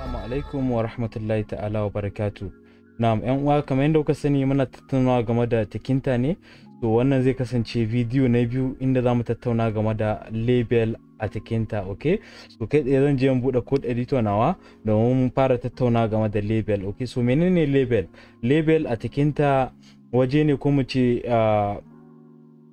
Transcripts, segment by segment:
Assalamu alaikum wa rahmatullahi ta'ala wa barakatu. Na'am ƴan uwa kamar yadda kuka sani muna tattaunawa game da tikinta ne. To wannan zai kasance bidiyo na biyu inda zamu tattauna game da label a tikinta, okay? So kai tsaye zan je in buɗe code editor nawa domin fara tattauna game da label, okay? So menene label? Label a takinta waje ne ko mu ce ah,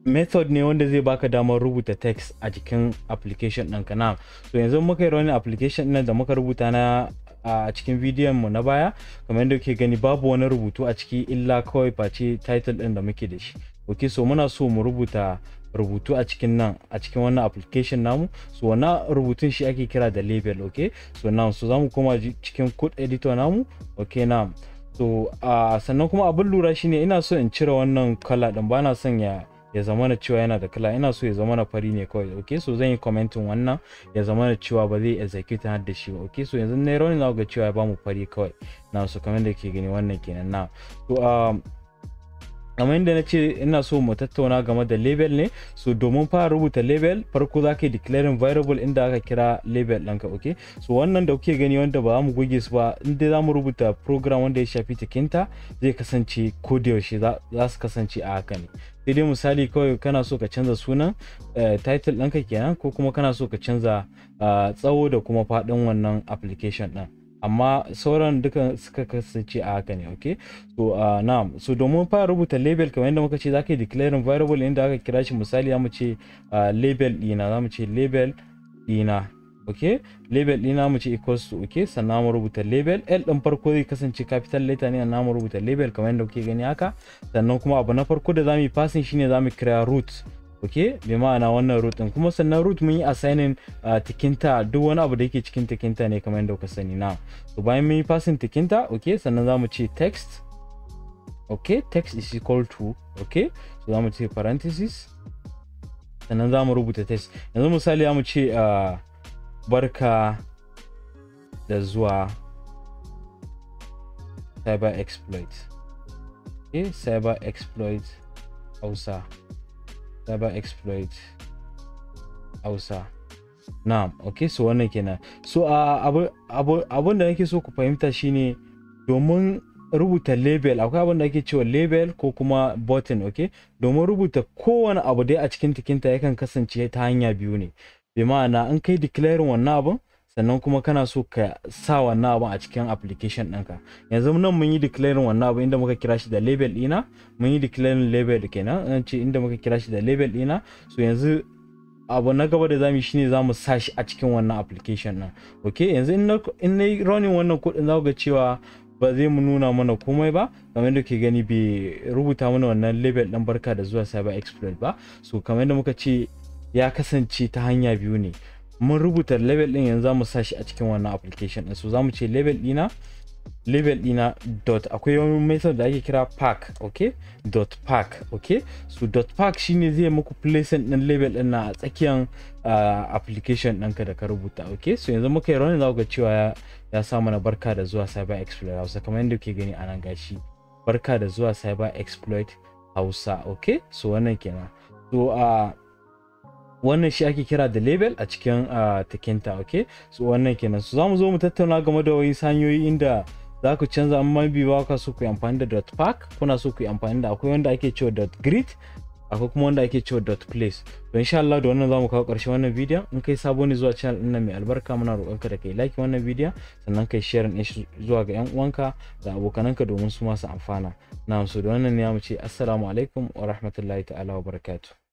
method ne wanda zai baka damar rubuta text a jikin application ɗinka na so yanzu muka yi wani application ɗin da muka rubuta na a cikin bidiyon mu na baya kamar yadda kuke gani babu wani rubutu a ciki illa kawai face title ɗin da muke da shi ok so muna so mu rubuta rubutu a cikin nan a cikin wannan application namu so wannan rubutun shi ake kira da label ok so now so zamu koma cikin code editor namu ok na so uh, sannan kuma abin lura shi ne ina so in cire wannan kala ɗin ba na son ya ya zama na cewa yana da kala ina so ya zama na fari ne kawai ok so zan yi commenting wannan ya zama na cewa ba zai execute har da shi ba ok so yanzu na rauni na ga cewa ya bamu fari kawai na so kamar da ke gani wannan kenan na to. Um, kamar inda na ce ina so mu tattauna game da label ne so domin fara rubuta label farko za ka yi declaring variable inda aka kira label ɗanka ok so wannan da kuke gani wanda ba za mu goge su ba inda za mu rubuta program wanda ya shafi cikinta zai kasance ko da yaushe za su kasance a haka ne sai dai misali kawai kana so ka canza sunan eh, title ɗanka kenan ko kuma kana so ka canza ah, tsawo da kuma faɗin wannan application ɗin amma sauran duka suka kasance a haka ne ok so uh, na'am so domin fara rubuta label kamar yadda muka ce za ka yi declaring variable inda aka kira shi misali ya mu ce uh, label dina za mu ce label dina ok label dina mu ce equals to ok sannan mu rubuta label l din farko zai kasance capital letter ne sannan mu rubuta label kamar yadda kuke gani haka sannan kuma abu na farko da za mu yi passing shine za mu kira root ok bi ma'ana wannan root din kuma sannan root mun yi assigning uh, tikinta duk wani abu da yake cikin tikinta ne kamar yadda kuka sani na to bayan mun yi passing tikinta ok sannan za mu ce text ok text is equal to ok so za mu ce parenthesis sannan za mu rubuta text yanzu misali za mu ce uh, barka da zuwa cyber exploit okay cyber exploit hausa cyber exploit hausa na ok so wannan kenan so uh, abun da nake so ku fahimta shine domin rubuta label akwai abun da ake cewa label ko kuma button ok domin rubuta kowane abu dai a cikin tikinta yakan kasance ta hanya biyu ne bi ma'ana an kai declaring wannan abin sannan kuma kana so ka sa wannan abin a cikin application ɗinka yanzu nan mun yi declaring wannan abu inda muka kira shi da label ɗina mun yi declaring label kenan nan ce inda muka kira shi da label ɗina so yanzu abu na gaba da zamu shine zamu sa shi a cikin wannan application ɗin okay yanzu in na running wannan kuɗin za ga cewa ba zai mu nuna mana komai ba kamar yadda ke gani bai rubuta mana wannan label ɗin barka da zuwa cyber exploit ba so kamar yadda muka ce ya kasance ta hanya biyu ne mun rubuta level din yanzu zamu sa a cikin wannan application din so zamu ce level dina level dina dot akwai wani method da ake kira pack okay dot pack okay so dot pack shine zai muku place din level din na a tsakiyan uh, application ɗinka da ka rubuta okay so yanzu muka yi running za ga cewa ya sa mana barka da zuwa cyber exploit hausa kamar yadda kuke gani anan gashi barka da zuwa cyber exploit hausa okay so wannan kenan so uh, wannan shi ake kira da label a cikin takinta ok so wannan kenan so zamu zo mu tattauna game da wani sanyoyi inda za ku canza amma bi ba ka so ku yi amfani da dot pack kuna so ku yi amfani da akwai wanda ake cewa dot grid akwai kuma wanda ake cewa dot place don insha Allah da wannan zamu kawo karshe wannan bidiyon in kai sabo ne zuwa channel ɗin nan mai albarka muna roƙon ka da kai like wannan bidiyon sannan kai share din zuwa ga yan uwanka da abokananka domin su ma amfana na so da wannan ne mu ce assalamu alaikum wa rahmatullahi ta'ala wa barakatuh